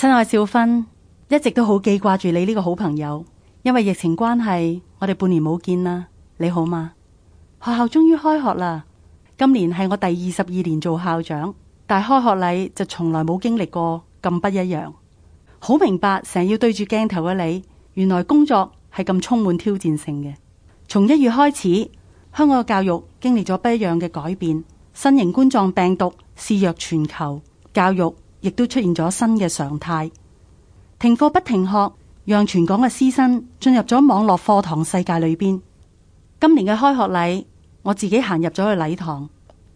親愛少芬，一直都好記掛住你呢個好朋友，因為疫情關係，我哋半年冇見啦。你好嗎？學校終於開學啦，今年係我第二十二年做校長，但係開學禮就從來冇經歷過咁不一樣。好明白，成日要對住鏡頭嘅你，原來工作係咁充滿挑戰性嘅。從一月開始，香港嘅教育經歷咗不一樣嘅改變，新型冠狀病毒肆虐全球，教育，亦都出現咗新嘅常態，停課不停學，讓全港嘅師生進入咗網絡課堂世界裏邊。今年嘅開學禮，我自己行入咗去禮堂，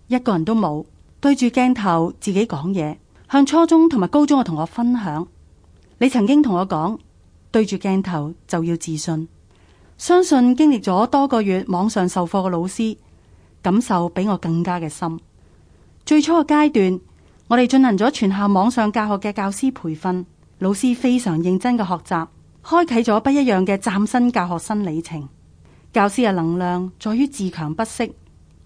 一個人都冇，對住鏡頭自己講嘢，向初中同埋高中嘅同學分享。你曾經同我講，對住鏡頭就要自信，相信經歷咗多個月網上授課嘅老師，感受比我更加嘅深。最初嘅階段。我哋進行咗全校網上教學嘅教師培訓，老師非常認真嘅學習，開啟咗不一樣嘅嶄新教學新里程。教師嘅能量在於自強不息、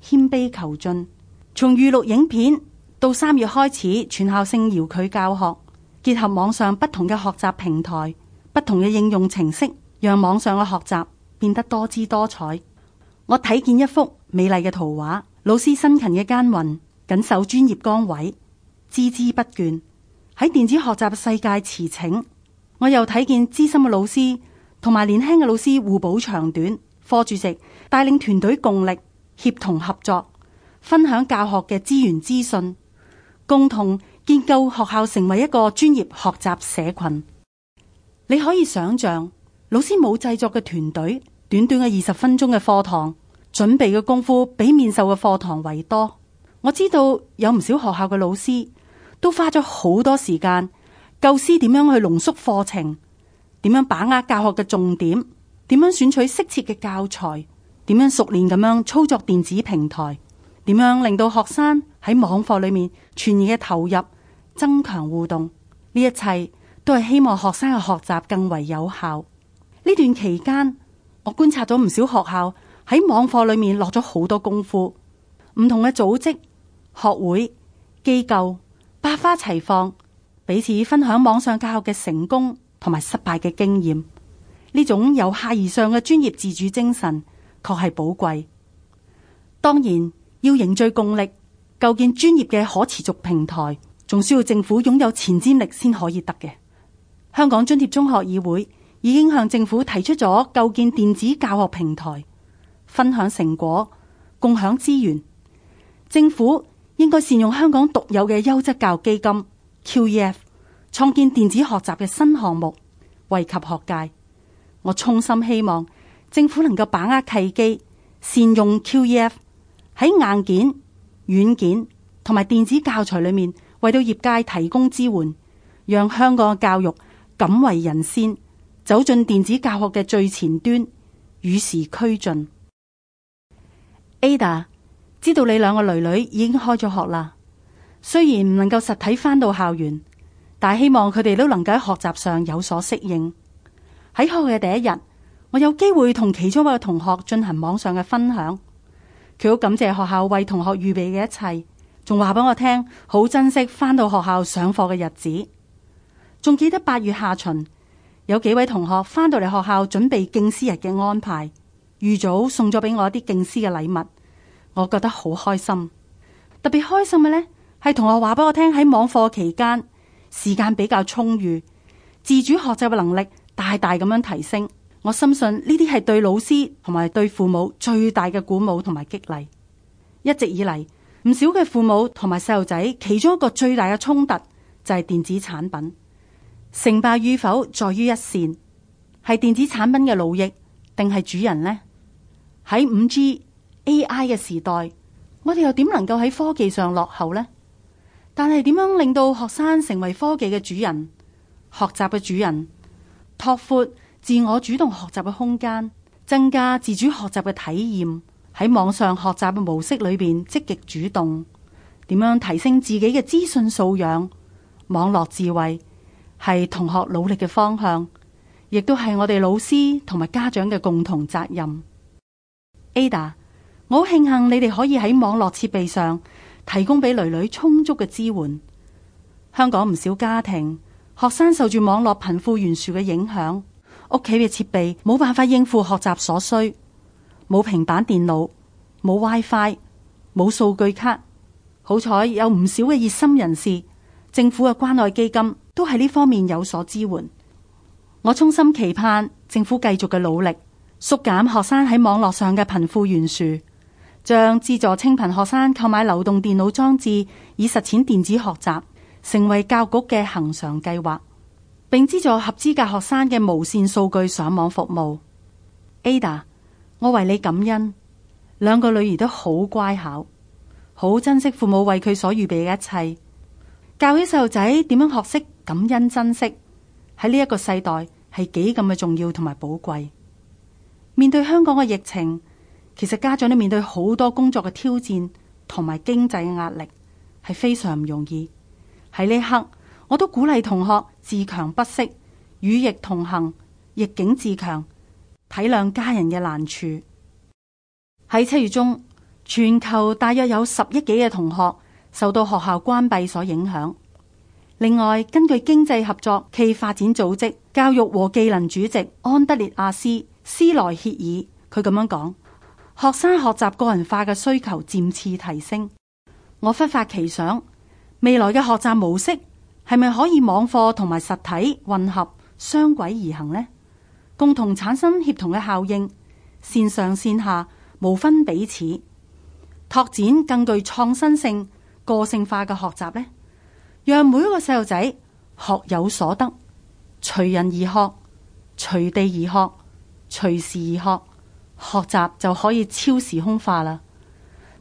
謙卑求進。從預錄影片到三月開始全校性遙佢遙距教學，結合網上不同嘅學習平台、不同嘅應用程式，讓網上嘅學習變得多姿多彩。我睇見一幅美麗嘅圖畫，老師辛勤嘅耕耘，緊守專業崗位。孜孜不倦，喺電子學習嘅世界馳騁，我又睇見資深嘅老師同埋年輕嘅老師互補長短。科主席帶領團隊共力協同合作，分享教學嘅資源資訊，共同建構學校成為一個專業學習社群。你可以想象老師冇製作嘅團隊，短短嘅二十分鐘嘅課堂準備嘅功夫，比面授嘅課堂為多。我知道有唔少學校嘅老師。 都花咗好多時間，教師點樣去濃縮課程，點樣把握教學嘅重點，點樣選取適切嘅教材，點樣熟練咁樣操作電子平台，點樣令到學生喺網課裏面全意嘅投入，增強互動，呢一切都係希望學生嘅學習更為有效。呢段期間，我觀察咗唔少學校喺網課裏面落咗好多功夫，唔同嘅組織、學會、機構。百花齊放，彼此分享網上教學嘅成功同埋失敗嘅經驗，呢種由下而上嘅專業自主精神，確係寶貴。當然，要凝聚共力，構建專業嘅可持續平台，仲需要政府擁有前瞻力先可以得嘅。香港津貼中學議會已經向政府提出咗構建電子教學平台，分享成果，共享資源，政府應該善用香港獨有嘅優質教育基金 QEF，創建電子學習嘅新項目，惠及學界。我衷心希望政府能夠把握契機，善用 QEF 喺硬件、軟件同埋電子教材裏面，為到業界提供支援，讓香港嘅教育敢為人先，走進電子教學嘅最前端，與時俱進。Ada。知道你兩個囡囡已經開咗學啦，雖然唔能夠實體返到校園，但係希望佢哋都能夠喺學習上有所適應。喺開學嘅第一日，我有機會同其中一個同學進行網上嘅分享，佢好感謝學校為同學預備嘅一切，仲話俾我聽好珍惜翻到學校上課嘅日子。仲記得八月下旬有幾位同學翻到嚟學校準備敬師日嘅安排，預早送咗俾我一啲敬師嘅禮物。我覺得好開心，特別開心嘅呢係同學話俾我聽喺網課期間時間比較充裕，自主學習嘅能力大大咁樣提升。我深信呢啲係對老師同埋對父母最大嘅鼓舞同埋激勵。一直以嚟唔少嘅父母同埋細路仔其中一個最大嘅衝突就係電子產品，成敗與否在於一線，係電子產品嘅奴役定係主人呢？喺五 G A.I. 嘅時代，我哋又點能夠喺科技上落後呢？但係點樣令到學生成為科技嘅主人、學習嘅主人，拓闊自我主動學習嘅空間，增加自主學習嘅體驗，喺網上學習嘅模式裏邊，積極主動，點樣提升自己嘅資訊素養、網絡智慧，係同學努力嘅方向，亦都係我哋老師同埋家長嘅共同責任。Ada。我好慶幸你哋可以喺網絡設備上提供俾女女充足嘅支援。香港唔少家庭學生受住網絡貧富懸殊嘅影響，屋企嘅設備冇辦法應付學習所需，冇平板電腦，冇 WiFi，冇數據卡。好彩有唔少嘅熱心人士，政府嘅關愛基金都喺呢方面有所支援。我衷心期盼政府繼續嘅努力，縮減學生喺網絡上嘅貧富懸殊。將資助清貧學生購買流動電腦裝置，以實踐電子學習，成為教育局嘅恆常計劃，並資助合資格學生嘅無線數據上網服務。Ada，我為你感恩，兩個女兒都好乖巧，好珍惜父母為佢所預備嘅一切。教起細路仔點樣學識感恩珍惜，喺呢一個世代係幾咁嘅重要同埋寶貴。面對香港嘅疫情。其實家長都面對好多工作嘅挑戰，同埋經濟嘅壓力，係非常唔容易。喺呢刻，我都鼓勵同學自強不息，與疫同行，逆境自強，體諒家人嘅難處。喺七月中，全球大約有十億幾嘅同學受到學校關閉所影響。另外，根據經濟合作暨發展組織教育和技能主席安德烈亞斯斯萊歇爾，佢咁樣講。學生學習個人化嘅需求漸次提升，我忽發奇想，未來嘅學習模式係咪可以網課同埋實體混合雙軌而行呢？共同產生協同嘅效應，線上線下無分彼此，拓展更具創新性、個性化嘅學習呢？讓每一個細路仔學有所得，隨人而學，隨地而學，隨時而學。學習就可以超時空化啦！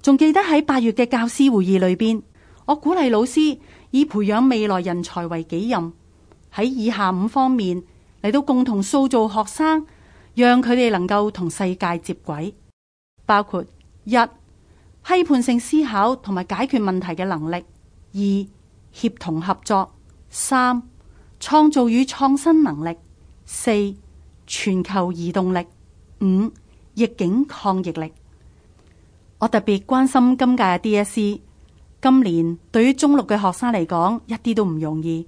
仲記得喺八月嘅教師會議裏邊，我鼓勵老師以培養未來人才為己任，喺以下五方面嚟到共同塑造學生，讓佢哋能夠同世界接軌，包括一批判性思考同埋解決問題嘅能力；二協同合作；三創造與創新能力；四全球移動力；五。逆境抗逆力，我特別關心今屆嘅 DSE。今年對於中六嘅學生嚟講，一啲都唔容易。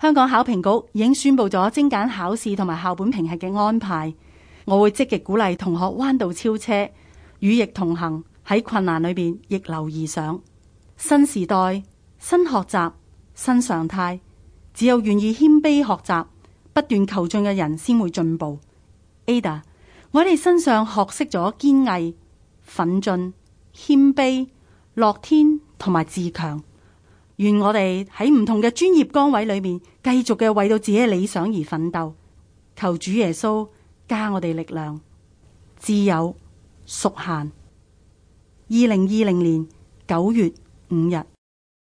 香港考評局已經宣布咗精簡考試同埋校本評核嘅安排。我會積極鼓勵同學彎道超車，與疫同行，喺困難裏邊逆流而上。新時代、新學習、新常態，只有願意謙卑學習、不斷求進嘅人，先會進步。Ada。我哋身上學識咗堅毅、奮進、謙卑、樂天同埋自強。願我哋喺唔同嘅專業崗位裏面，繼續嘅為到自己嘅理想而奮鬥。求主耶穌加我哋力量。自由屬限。二零二零年九月五日。